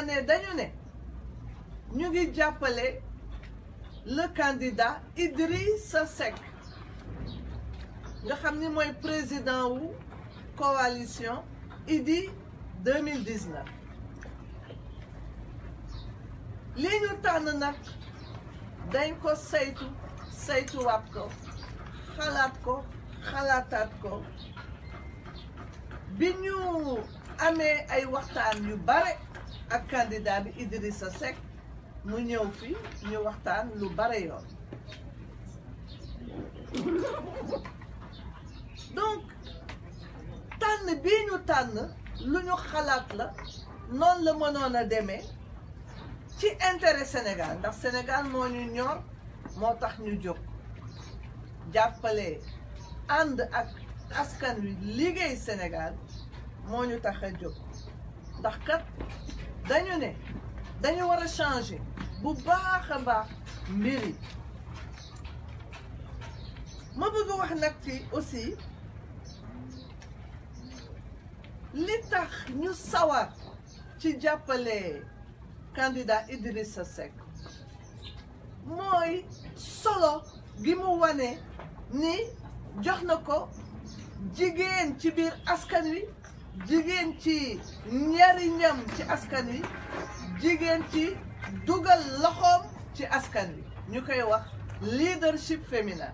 waxtaanee dañu ne ñu ngi jàppale le candidat Idrissa Seck nga xam ni mooy président wu coalition Idy 2019 lii ñu tànn nag dañ ko saytu saytuwaat ko xalaat ko xalaataat ko bi ñu amee ay waxtaan yu bare ak candidat bi Idrissa Seck mu ñëw fi ñu waxtaan lu bare yoon donc tànn bii ñu tànn lu ñu xalaat la noonu la mënoon a demee ci intérêt Sénégal ndax Sénégal moo ñu ñor moo tax ñu jóg jàppale ànd ak askan wi liggéey Sénégal moo ñu tax a jóg ndax kat dañu ne dañu war a changer bu baax a baax mbir yi ma bëgg wax nag ci aussi li tax ñu sawar ci jàppale candidat Idrissa Seck mooy solo gi mu wane ni jox na ko jigéen ci biir askan wi jigéen ci njariñam ci askan wi jigéen ci dugal loxoom ci askan wi ñu koy wax leadership féminin